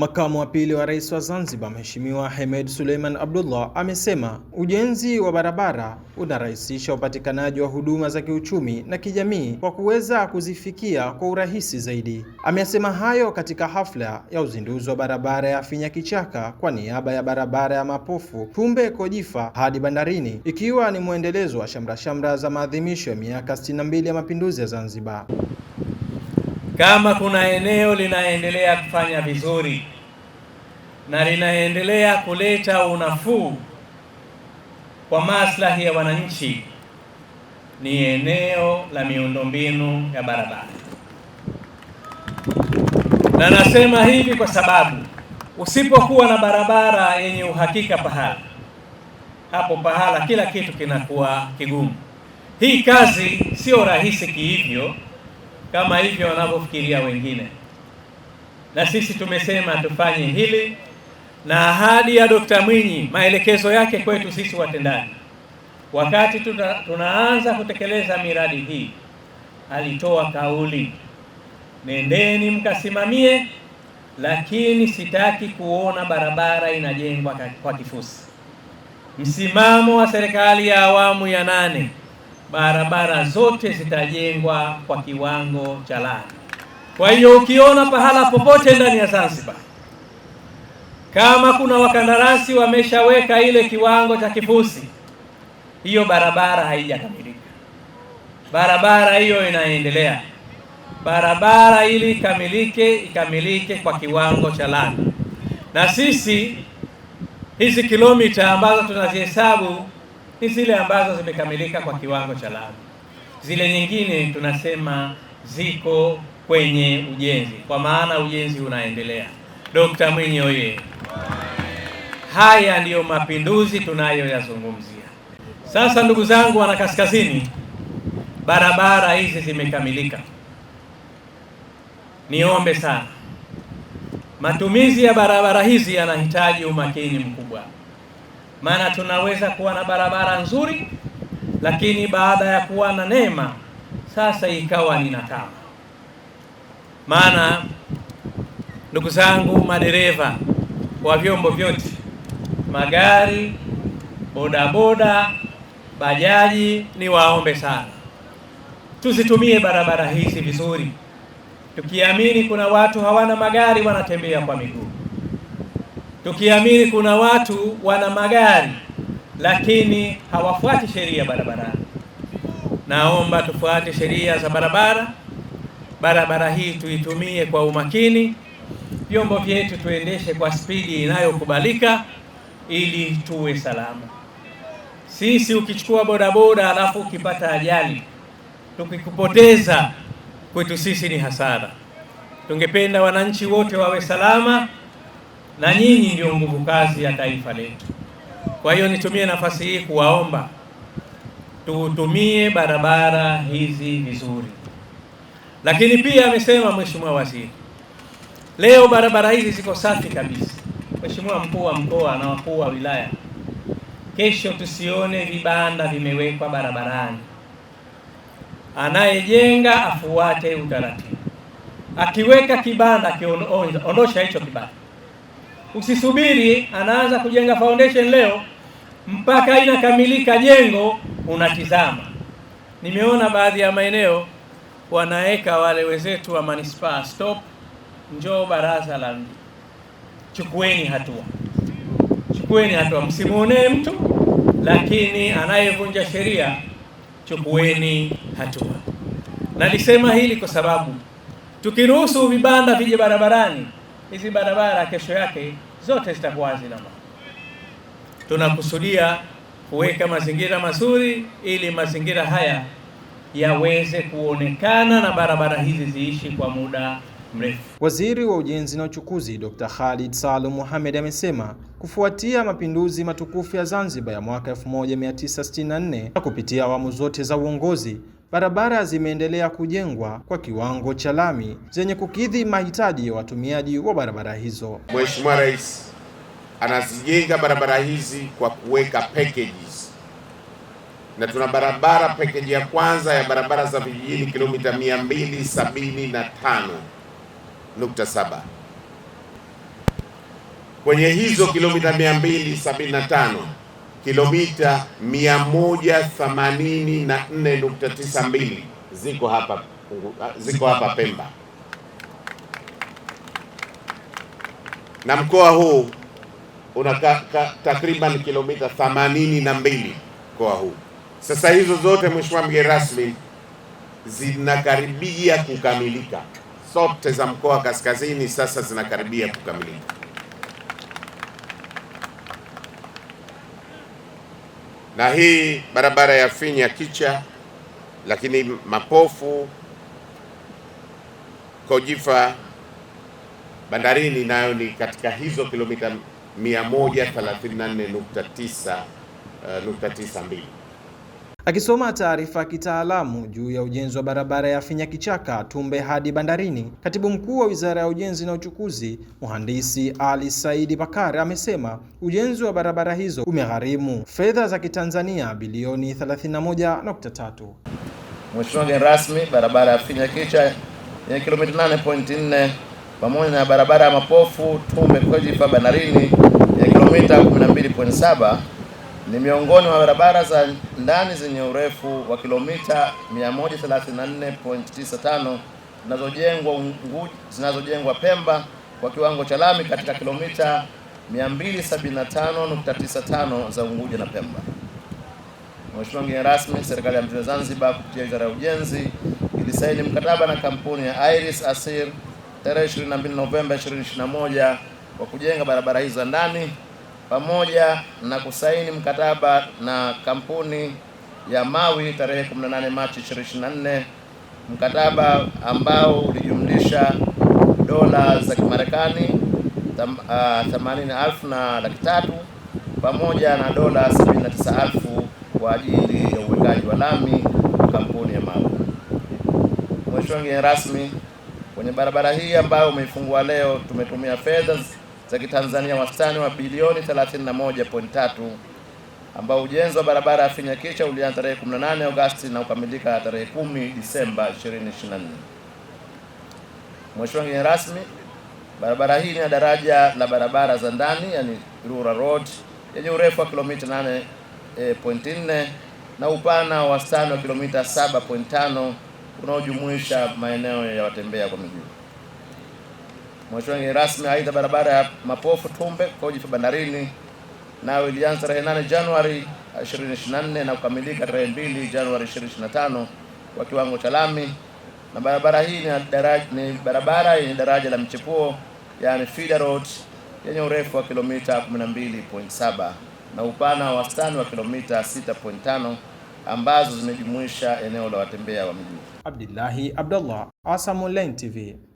Makamu wa pili wa Rais wa Zanzibar, Mheshimiwa Hemed Suleiman Abdullah amesema ujenzi wa barabara unarahisisha upatikanaji wa huduma za kiuchumi na kijamii kwa kuweza kuzifikia kwa urahisi zaidi. Amesema hayo katika hafla ya uzinduzi wa barabara ya Finya Kichaka kwa niaba ya barabara ya mapofu Tumbe Kojifa hadi bandarini, ikiwa ni mwendelezo wa shamrashamra za maadhimisho ya miaka 62 ya Mapinduzi ya Zanzibar. Kama kuna eneo linaendelea kufanya vizuri na linaendelea kuleta unafuu kwa maslahi ya wananchi, ni eneo la miundombinu ya barabara. Na nasema hivi kwa sababu usipokuwa na barabara yenye uhakika pahala hapo, pahala kila kitu kinakuwa kigumu. Hii kazi sio rahisi kihivyo kama hivyo wanavyofikiria wengine, na sisi tumesema tufanye hili, na ahadi ya Dr. Mwinyi, maelekezo yake kwetu sisi watendaji, wakati tuna, tunaanza kutekeleza miradi hii, alitoa kauli, nendeni mkasimamie, lakini sitaki kuona barabara inajengwa kwa kifusi. Msimamo wa serikali ya awamu ya nane barabara zote zitajengwa kwa kiwango cha lami. Kwa hiyo ukiona pahala popote ndani ya Zanzibar kama kuna wakandarasi wameshaweka ile kiwango cha kifusi, hiyo barabara haijakamilika. Barabara hiyo inaendelea. Barabara ili ikamilike, ikamilike kwa kiwango cha lami, na sisi hizi kilomita ambazo tunazihesabu ni zile ambazo zimekamilika kwa kiwango cha lami, zile nyingine tunasema ziko kwenye ujenzi, kwa maana ujenzi unaendelea. Dokta Mwinyi oye! Haya ndiyo mapinduzi tunayoyazungumzia. Sasa ndugu zangu, wana Kaskazini, barabara hizi zimekamilika. Niombe sana, matumizi ya barabara hizi yanahitaji umakini mkubwa. Maana tunaweza kuwa na barabara nzuri, lakini baada ya kuwa na neema sasa ikawa ni natama. Maana ndugu zangu, madereva wa vyombo vyote, magari, bodaboda, bajaji, ni waombe sana tuzitumie barabara hizi vizuri, tukiamini kuna watu hawana magari wanatembea kwa miguu tukiamini kuna watu wana magari lakini hawafuati sheria barabarani. Naomba tufuate sheria za barabara. Barabara hii tuitumie kwa umakini, vyombo vyetu tuendeshe kwa spidi inayokubalika ili tuwe salama. Sisi ukichukua bodaboda alafu ukipata ajali tukikupoteza, kwetu sisi ni hasara. Tungependa wananchi wote wawe salama na nyinyi ndio nguvu kazi ya taifa letu. Kwa hiyo nitumie nafasi hii kuwaomba tutumie barabara hizi vizuri. Lakini pia amesema Mheshimiwa Waziri, leo barabara hizi ziko safi kabisa. Mheshimiwa Mkuu wa Mkoa na wakuu wa wilaya, kesho tusione vibanda vimewekwa barabarani. Anayejenga afuate utaratibu, akiweka kibanda, akiondosha hicho kibanda Usisubiri anaanza kujenga foundation leo mpaka inakamilika jengo unatizama. Nimeona baadhi ya maeneo wanaweka wale wenzetu wa manispaa stop, njoo baraza la mji, chukueni hatua, chukueni hatua, msimuonee mtu, lakini anayevunja sheria chukueni hatua. Nalisema hili kwa sababu tukiruhusu vibanda vije barabarani, hizi barabara kesho yake zote zitakuwa hazina maana. Tunakusudia kuweka mazingira mazuri ili mazingira haya yaweze kuonekana na barabara hizi ziishi kwa muda mrefu. Waziri wa Ujenzi na Uchukuzi Dr. Khalid Salum Mohamed amesema kufuatia mapinduzi matukufu ya Zanzibar ya mwaka 1964 na kupitia awamu zote za uongozi barabara zimeendelea kujengwa kwa kiwango cha lami zenye kukidhi mahitaji ya watumiaji wa barabara hizo. Mheshimiwa Rais anazijenga barabara hizi kwa kuweka packages, na tuna barabara package ya kwanza ya barabara za vijijini kilomita 275.7 kwenye hizo kilomita 275 kilomita 184.92 ziko hapa, ah, ziko hapa Pemba na mkoa huu una takriban kilomita 82 mkoa huu. Sasa hizo zote, mheshimiwa mgeni rasmi, zinakaribia kukamilika, zote za mkoa wa kaskazini sasa zinakaribia kukamilika. na hii barabara ya Finya Kicha, lakini Mapofu, Kojifa, Bandarini nayo ni katika hizo kilomita 134.9 uh, eh, mbili. Akisoma taarifa ya kitaalamu juu ya ujenzi wa barabara ya Finya Kichaka Tumbe hadi Bandarini, Katibu Mkuu wa Wizara ya Ujenzi na Uchukuzi, Mhandisi Ali Saidi Bakari amesema ujenzi wa barabara hizo umegharimu fedha za kitanzania bilioni 31.3. Mheshimiwa mgeni rasmi, barabara ya Finya Kicha yenye kilomita 8.4 pamoja na barabara ya Mapofu Tumbe Kojifa Bandarini ya kilomita 12.7 ni miongoni mwa barabara za ndani zenye urefu wa kilomita 134.95 zinazojengwa zinazojengwa Pemba kwa kiwango cha lami katika kilomita 275.95 za Unguja na Pemba. Mheshimiwa mgeni rasmi, serikali ya wa Zanzibar kupitia Wizara ya Ujenzi ilisaini mkataba na kampuni ya Iris Asir tarehe 22 Novemba 2021 kwa kujenga barabara hizo za ndani pamoja na kusaini mkataba na kampuni ya Mawi tarehe 18 Machi 2024, mkataba ambao ulijumlisha dola za Kimarekani 80,000 ah, na laki tatu pamoja na dola 79,000 kwa ajili ya uwekaji wa lami wa kampuni ya Mawi. Mheshimiwa mgeni rasmi, kwenye barabara hii ambayo umeifungua leo tumetumia fedha za Kitanzania wastani wa bilioni 31.3 ambao ujenzi wa barabara ya kicha ulianza tarehe 18 Agosti na kukamilika tarehe 10 Disemba 2024. Mheshimiwa mgeni rasmi, barabara hii ina daraja la barabara za ndani yani rural road yenye urefu wa kilomita 8.4 e, na upana wa wastani wa kilomita 7.5 unaojumuisha maeneo ya watembea kwa miguu. Mheshimiwa mgeni rasmi, aidha barabara ya Mapofu Tumbe Kojifa Bandarini nayo ilianza tarehe 8 Januari 2024 na kukamilika tarehe 2 Januari 2025 kwa kiwango cha lami, na barabara hii ni, daraja, ni barabara yenye daraja la mchepuo yani feeder road yenye urefu wa kilomita 12.7 na upana wa wastani wa kilomita 6.5 ambazo zimejumuisha eneo la watembea wa miguu. Abdullahi Abdullah, Asam Online TV.